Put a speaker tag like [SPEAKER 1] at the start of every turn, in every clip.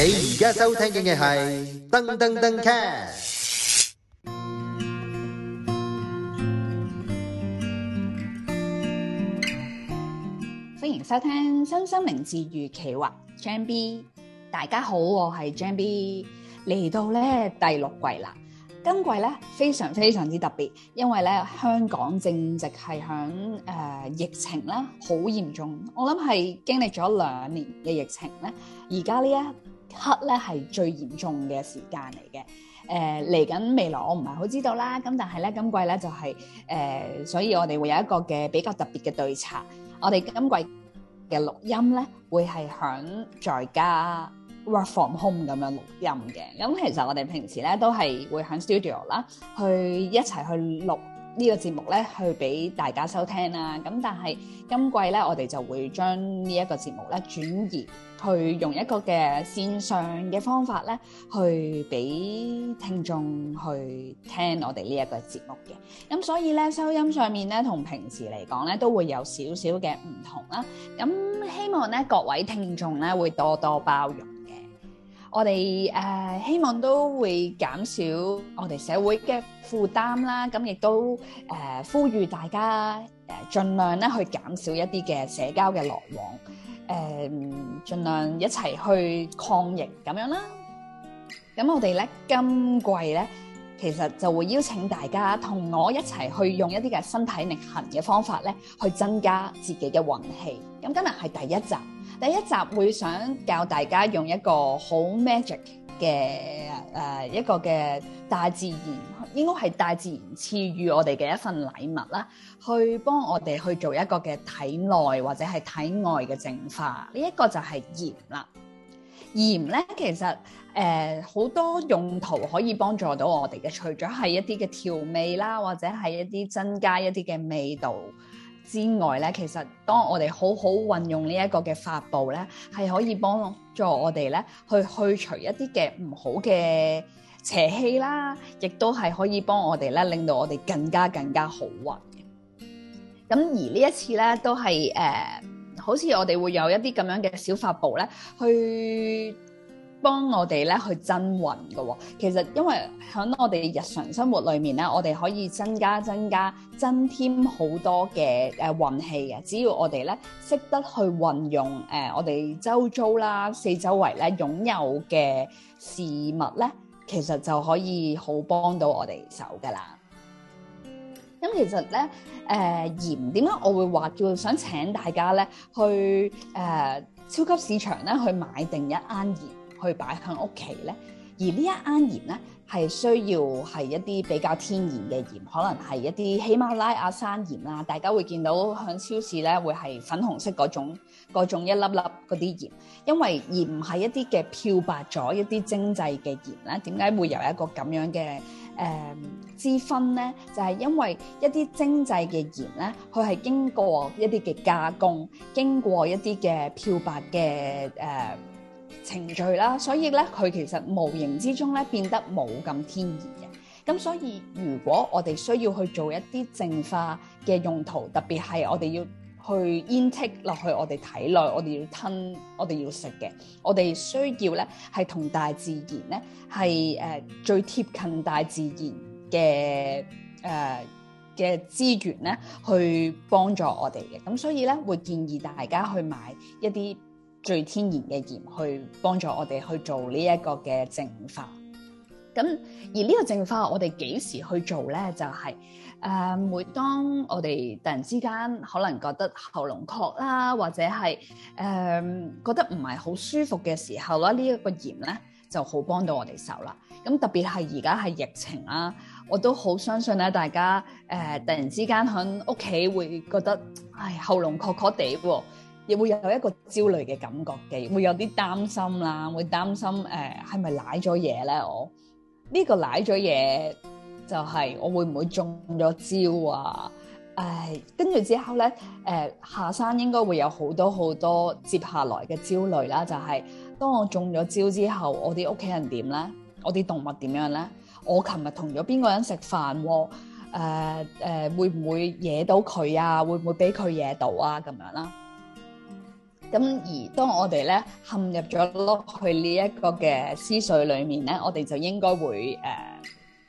[SPEAKER 1] 你而家收聽嘅係噔噔噔 cast 歡迎收聽《心生生名字如其畫》。Jam B，大家好，我係 Jam B。嚟到咧第六季啦，今季咧非常非常之特別，因為咧香港正值係響誒疫情啦，好嚴重。我諗係經歷咗兩年嘅疫情咧，而家呢一刻咧係最嚴重嘅時間嚟嘅，誒嚟緊未來我唔係好知道啦，咁但係咧今季咧就係、是、誒、呃，所以我哋會有一個嘅比較特別嘅對策。我哋今季嘅錄音咧，會係響在家 work from home 咁樣錄音嘅。咁其實我哋平時咧都係會響 studio 啦，去一齊去錄呢個節目咧，去俾大家收聽啦。咁但係今季咧，我哋就會將呢一個節目咧轉移。去用一個嘅線上嘅方法咧，去俾聽眾去聽我哋呢一個節目嘅。咁所以咧，收音上面咧，同平時嚟講咧，都會有少少嘅唔同啦。咁希望咧各位聽眾咧會多多包容嘅。我哋誒希望都會減少我哋社會嘅負擔啦。咁亦都誒呼籲大家誒盡量咧去減少一啲嘅社交嘅來往。嗯，盡量一齊去抗疫咁樣啦。咁我哋咧，今季咧，其實就會邀請大家同我一齊去用一啲嘅身體力行嘅方法咧，去增加自己嘅運氣。咁今日係第一集，第一集會想教大家用一個好 magic。嘅誒、呃、一個嘅大自然，應該係大自然賜予我哋嘅一份禮物啦，去幫我哋去做一個嘅體內或者係體外嘅淨化。呢、這、一個就係鹽啦，鹽咧其實誒好、呃、多用途可以幫助到我哋嘅，除咗係一啲嘅調味啦，或者係一啲增加一啲嘅味道。之外咧，其實當我哋好好運用的呢一個嘅發佈咧，係可以幫助我哋咧去去除一啲嘅唔好嘅邪氣啦，亦都係可以幫我哋咧令到我哋更加更加好運嘅。咁而呢一次咧，都係誒、呃，好似我哋會有一啲咁樣嘅小發佈咧，去。幫我哋咧去增運嘅、哦，其實因為喺我哋日常生活裏面咧，我哋可以增加、增加、增添好多嘅誒運氣嘅。只要我哋咧識得去運用誒、呃、我哋周遭啦、四周圍咧擁有嘅事物咧，其實就可以好幫到我哋手噶啦。咁其實咧誒鹽點解我會話叫想請大家咧去誒、呃、超級市場咧去買定一罌鹽？去擺響屋企咧，而呢一間鹽咧係需要係一啲比較天然嘅鹽，可能係一啲喜馬拉雅山鹽啦。大家會見到響超市咧會係粉紅色嗰種嗰種一粒粒嗰啲鹽，因為鹽唔係一啲嘅漂白咗一啲精製嘅鹽咧。點解會有一個咁樣嘅誒之分咧？就係、是、因為一啲精製嘅鹽咧，佢係經過一啲嘅加工，經過一啲嘅漂白嘅誒。呃程序啦，所以咧佢其實無形之中咧變得冇咁天然嘅。咁所以如果我哋需要去做一啲淨化嘅用途，特別係我哋要去 intake 落去我哋體內，我哋要吞，我哋要食嘅，我哋需要咧係同大自然咧係誒最貼近大自然嘅誒嘅資源咧去幫助我哋嘅。咁所以咧會建議大家去買一啲。最天然嘅鹽去幫助我哋去做呢一個嘅淨化，咁而呢個淨化我哋幾時去做咧？就係、是、誒、呃、每當我哋突然之間可能覺得喉嚨涸啦，或者係誒、呃、覺得唔係好舒服嘅時候啦，呢、這、一個鹽咧就好幫到我哋手啦。咁特別係而家係疫情啦、啊，我都好相信咧，大家誒、呃、突然之間喺屋企會覺得係、哎、喉嚨涸涸哋喎。亦會有一個焦慮嘅感覺嘅，會有啲擔心啦，會擔心誒係咪奶咗嘢咧？我呢、這個奶咗嘢就係我會唔會中咗招啊？誒跟住之後咧誒、呃、下山應該會有好多好多接下來嘅焦慮啦，就係、是、當我中咗招之後，我啲屋企人點咧？我啲動物點樣咧？我琴日同咗邊個人食飯喎？誒、呃、誒、呃、會唔會惹到佢啊？會唔會俾佢惹到啊？咁樣啦。咁而當我哋咧陷入咗落去呢一個嘅思緒裏面咧，我哋就應該會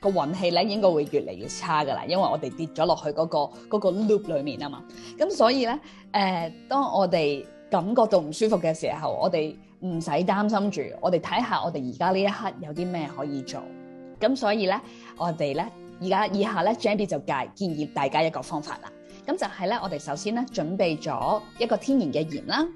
[SPEAKER 1] 誒個運氣咧應該會越嚟越差噶啦，因為我哋跌咗落去嗰個嗰個 loop 裏面啊嘛。咁所以咧誒、呃，當我哋感覺到唔舒服嘅時候，我哋唔使擔心住，我哋睇下我哋而家呢一刻有啲咩可以做。咁所以咧，我哋咧而家以下咧 Jamby 就介建議大家一個方法啦。咁就係咧，我哋首先咧準備咗一個天然嘅鹽啦。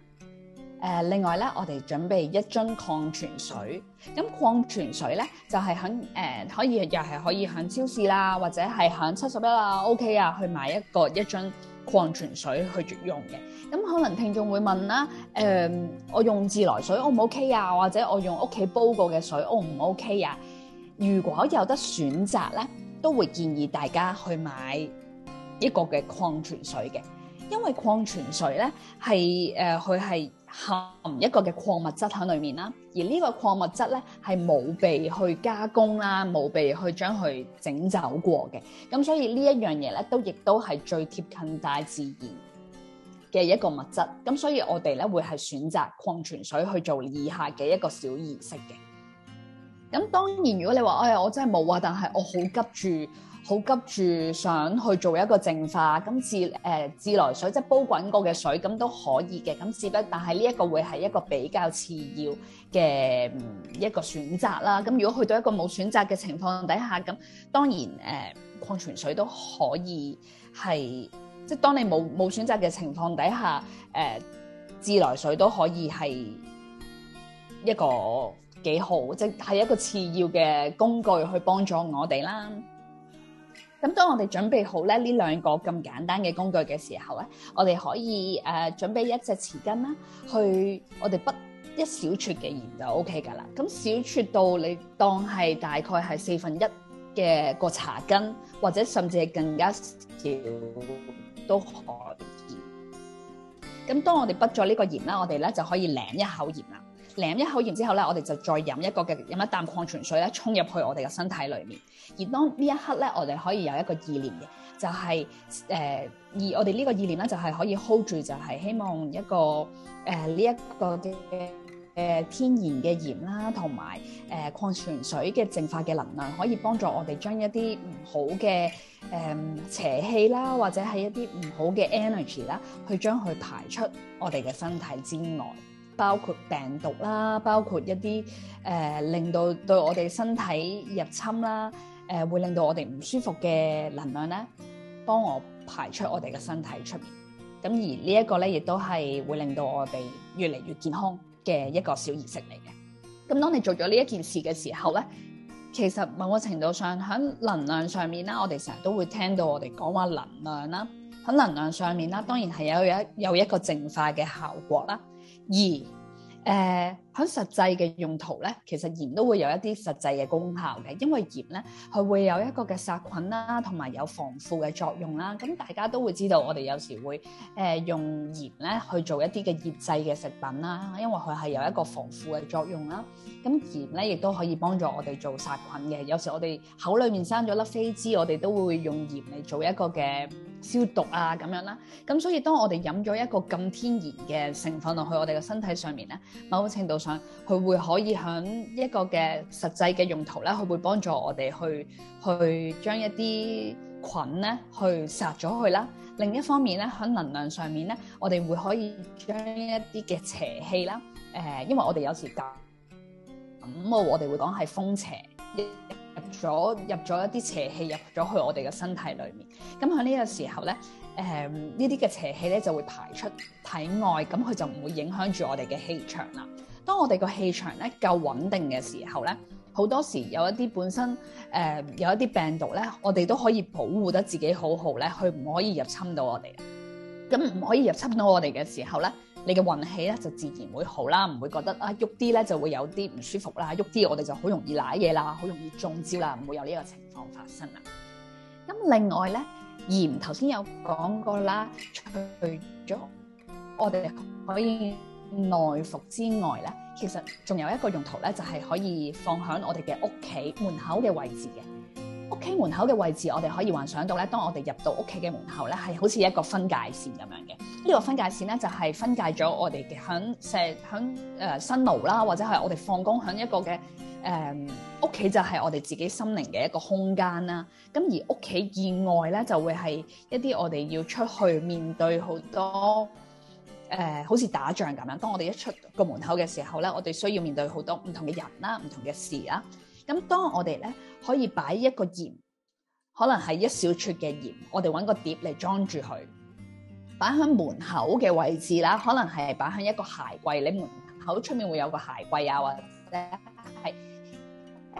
[SPEAKER 1] 誒、呃，另外咧，我哋準備一樽礦泉水。咁礦泉水咧，就係響誒可以又係可以響超市啦，或者係響七十一啊、OK 啊，去買一個一樽礦泉水去用嘅。咁可能聽眾會問啦，誒、呃，我用自來水 O 唔 OK 啊？或者我用屋企煲過嘅水 O 唔 OK 啊？如果有得選擇咧，都會建議大家去買一個嘅礦泉水嘅，因為礦泉水咧係誒佢係。含一個嘅礦物質喺裏面啦，而呢個礦物質咧係冇被去加工啦，冇被去將佢整走過嘅，咁所以呢一樣嘢咧都亦都係最貼近大自然嘅一個物質，咁所以我哋咧會係選擇礦泉水去做以下嘅一個小儀式嘅。咁當然，如果你話哎呀我真係冇啊，但係我好急住。好急住想去做一個淨化，咁自誒、呃、自來水即係煲滾過嘅水，咁都可以嘅，咁只不但係呢一個會係一個比較次要嘅一個選擇啦。咁如果去到一個冇選擇嘅情況底下，咁當然誒、呃、礦泉水都可以係，即係當你冇冇選擇嘅情況底下，誒、呃、自來水都可以係一個幾好，即係係一個次要嘅工具去幫助我哋啦。咁當我哋準備好咧呢兩個咁簡單嘅工具嘅時候咧，我哋可以誒、呃、準備一隻匙羹啦，去我哋筆一小撮嘅鹽就 O K 噶啦。咁小撮到你當係大概係四分一嘅個茶羹，或者甚至係更加少都可以。咁當我哋筆咗呢個鹽啦，我哋咧就可以舐一口鹽啦。舐一口鹽之後咧，我哋就再飲一個嘅飲一啖礦泉水咧，沖入去我哋嘅身體裏面。而當呢一刻咧，我哋可以有一個意念嘅，就係誒而，呃、我哋呢個意念咧就係、是、可以 hold 住，就係希望一個誒呢一個嘅誒、呃、天然嘅鹽啦，同埋誒礦泉水嘅淨化嘅能量，可以幫助我哋將一啲唔好嘅誒、呃、邪氣啦，或者係一啲唔好嘅 energy 啦，去將佢排出我哋嘅身體之外。包括病毒啦，包括一啲誒、呃、令到對我哋身體入侵啦，誒、呃、會令到我哋唔舒服嘅能量咧，幫我排出我哋嘅身體出面。咁而這呢一個咧，亦都係會令到我哋越嚟越健康嘅一個小儀式嚟嘅。咁當你做咗呢一件事嘅時候咧，其實某個程度上響能量上面啦，我哋成日都會聽到我哋講話能量啦。響能量上面啦，當然係有一有一個淨化嘅效果啦。二，誒。喺實際嘅用途咧，其實鹽都會有一啲實際嘅功效嘅，因為鹽咧佢會有一個嘅殺菌啦，同埋有防腐嘅作用啦。咁大家都會知道，我哋有時會誒、呃、用鹽咧去做一啲嘅醃製嘅食品啦，因為佢係有一個防腐嘅作用啦。咁鹽咧亦都可以幫助我哋做殺菌嘅。有時我哋口裡面生咗粒飛滋，我哋都會用鹽嚟做一個嘅消毒啊咁樣啦。咁所以當我哋飲咗一個咁天然嘅成分落去我哋嘅身體上面咧，某程度。佢會可以響一個嘅實際嘅用途咧，佢會幫助我哋去去將一啲菌咧去殺咗佢啦。另一方面咧，響能量上面咧，我哋會可以將一啲嘅邪氣啦，誒、呃，因為我哋有時教咁，我哋會講係風邪入咗入咗一啲邪氣入咗去我哋嘅身體裡面。咁喺呢個時候咧，誒、呃，呢啲嘅邪氣咧就會排出體外，咁佢就唔會影響住我哋嘅氣場啦。當我哋個氣場咧夠穩定嘅時候咧，好多時有一啲本身誒、呃、有一啲病毒咧，我哋都可以保護得自己好好咧，佢唔可以入侵到我哋。咁唔可以入侵到我哋嘅時候咧，你嘅運氣咧就自然會好啦，唔會覺得啊喐啲咧就會有啲唔舒服啦，喐啲我哋就好容易瀨嘢啦，好容易中招啦，唔會有呢個情況發生啦。咁另外咧鹽，頭先有講過啦，除咗我哋可以內服之外咧，其實仲有一個用途咧，就係、是、可以放響我哋嘅屋企門口嘅位置嘅。屋企門口嘅位置，我哋可以幻想到咧，當我哋入到屋企嘅門口咧，係好似一個分界線咁樣嘅。呢、這個分界線咧，就係、是、分界咗我哋嘅響石響誒新樓啦，或者係我哋放工響一個嘅誒屋企，呃、就係我哋自己心靈嘅一個空間啦。咁而屋企以外咧，就會係一啲我哋要出去面對好多。誒、呃，好似打仗咁樣，當我哋一出個門口嘅時候咧，我哋需要面對好多唔同嘅人啦、唔同嘅事啦。咁當我哋咧可以擺一個鹽，可能係一小撮嘅鹽，我哋搵個碟嚟裝住佢，擺喺門口嘅位置啦。可能係擺喺一個鞋櫃，你門口出面會有個鞋櫃啊，或者係誒、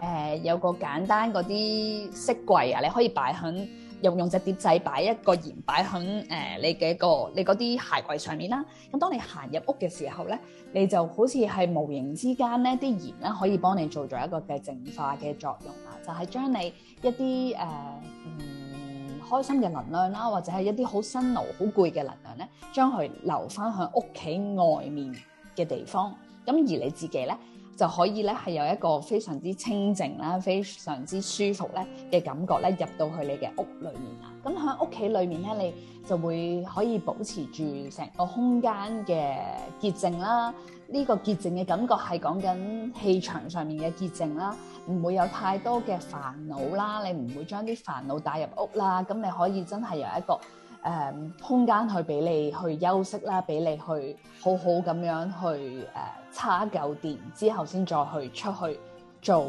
[SPEAKER 1] 呃、有個簡單嗰啲飾櫃啊，你可以擺喺。用用隻碟仔擺一個鹽，擺喺誒，你嘅一個你嗰啲鞋櫃上面啦。咁當你行入屋嘅時候咧，你就好似係無形之間咧啲鹽咧可以幫你做咗一個嘅淨化嘅作用啦，就係、是、將你一啲誒、呃、唔開心嘅能量啦，或者係一啲好辛勞好攰嘅能量咧，將佢留翻喺屋企外面嘅地方。咁而你自己咧。就可以咧，係有一個非常之清靜啦，非常之舒服咧嘅感覺咧，入到去你嘅屋裏面啊。咁喺屋企裏面咧，你就會可以保持住成個空間嘅潔淨啦。呢個潔淨嘅感覺係講緊氣場上面嘅潔淨啦，唔會有太多嘅煩惱啦。你唔會將啲煩惱帶入屋啦。咁你可以真係由一個。Um, 空間去俾你去休息啦，俾你去好好咁樣去誒，叉一舊電之後先再去出去做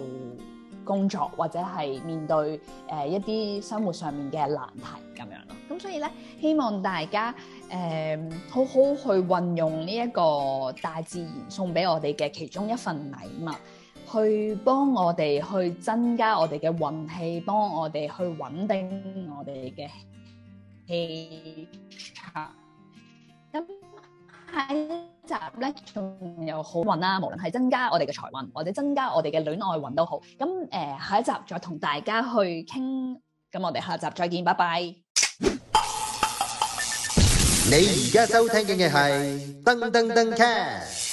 [SPEAKER 1] 工作，或者係面對、uh, 一啲生活上面嘅難題咁樣咯。咁所以咧，希望大家、um, 好好去運用呢一個大自然送俾我哋嘅其中一份禮物，去幫我哋去增加我哋嘅運氣，幫我哋去穩定我哋嘅氣場，咁下一集咧仲有好運啦，無論係增加我哋嘅財運，或者增加我哋嘅戀愛運都好。咁誒，下一集再同大家去傾，咁我哋下集再見，拜拜。你而家收聽緊嘅係噔噔噔 cast。